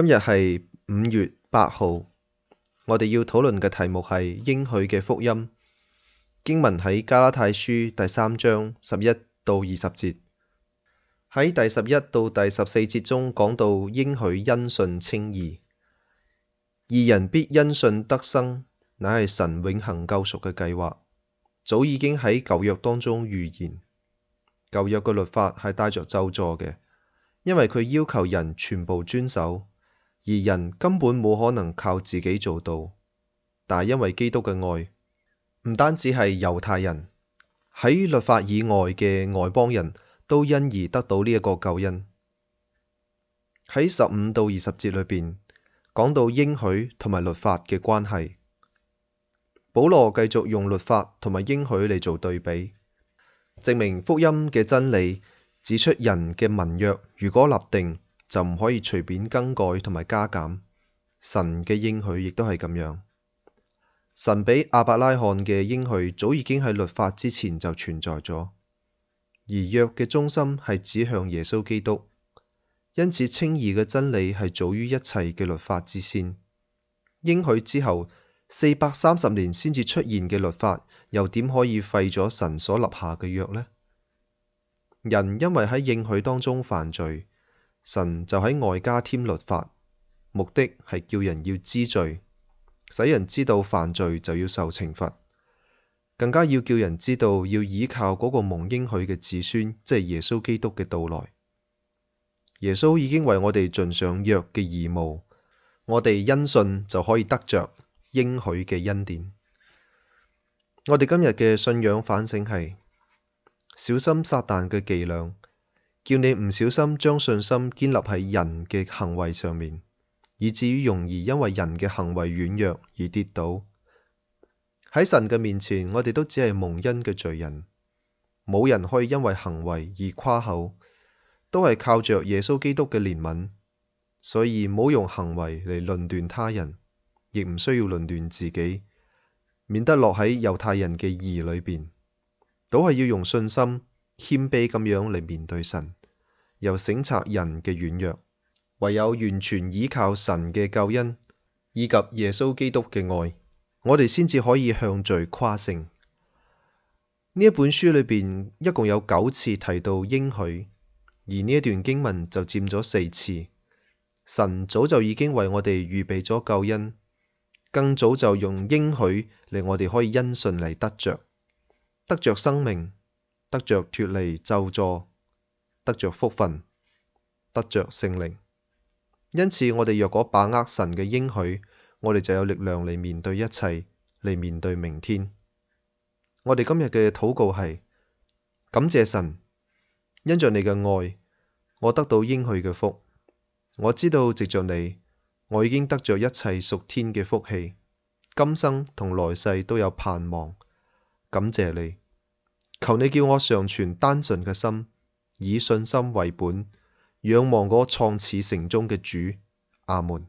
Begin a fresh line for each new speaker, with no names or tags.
今日係五月八號，我哋要討論嘅題目係應許嘅福音。經文喺加拉太書第三章十一到二十節，喺第十一到第十四節中講到應許因信稱義，二人必因信得生，乃係神永恒救贖嘅計劃，早已經喺舊約當中預言。舊約嘅律法係帶着咒詛嘅，因為佢要求人全部遵守。而人根本冇可能靠自己做到，但因為基督嘅愛，唔單止係猶太人，喺律法以外嘅外邦人都因而得到呢一個救恩。喺十五到二十節裏邊講到應許同埋律法嘅關係，保羅繼續用律法同埋應許嚟做對比，證明福音嘅真理，指出人嘅文約如果立定。就唔可以隨便更改同埋加減，神嘅應許亦都係咁樣。神俾亞伯拉罕嘅應許早已經喺律法之前就存在咗，而約嘅中心係指向耶穌基督，因此稱義嘅真理係早於一切嘅律法之先。應許之後四百三十年先至出現嘅律法，又點可以廢咗神所立下嘅約呢？人因為喺應許當中犯罪。神就喺外加添律法，目的係叫人要知罪，使人知道犯罪就要受懲罰，更加要叫人知道要倚靠嗰個蒙應許嘅子孫，即係耶穌基督嘅到來。耶穌已經為我哋盡上約嘅義務，我哋因信就可以得着應許嘅恩典。我哋今日嘅信仰反省係小心撒旦嘅伎倆。叫你唔小心將信心建立喺人嘅行為上面，以至於容易因為人嘅行為軟弱而跌倒。喺神嘅面前，我哋都只係蒙恩嘅罪人，冇人可以因為行為而誇口，都係靠着耶穌基督嘅憐憫。所以唔好用行為嚟論斷他人，亦唔需要論斷自己，免得落喺猶太人嘅義裏邊。倒係要用信心。謙卑咁樣嚟面對神，又省察人嘅軟弱，唯有完全依靠神嘅救恩以及耶穌基督嘅愛，我哋先至可以向罪誇勝。呢一本書裏邊一共有九次提到應許，而呢一段經文就佔咗四次。神早就已經為我哋預備咗救恩，更早就用應許令我哋可以因信嚟得着，得着生命。得着脫離咒詛，得着福分，得着聖靈。因此，我哋若果把握神嘅應許，我哋就有力量嚟面對一切，嚟面對明天。我哋今日嘅禱告係感謝神，因着你嘅愛，我得到應許嘅福。我知道藉着你，我已經得着一切屬天嘅福氣，今生同來世都有盼望。感謝你。求你叫我常存單純嘅心，以信心為本，仰望嗰個創始成終嘅主。阿門。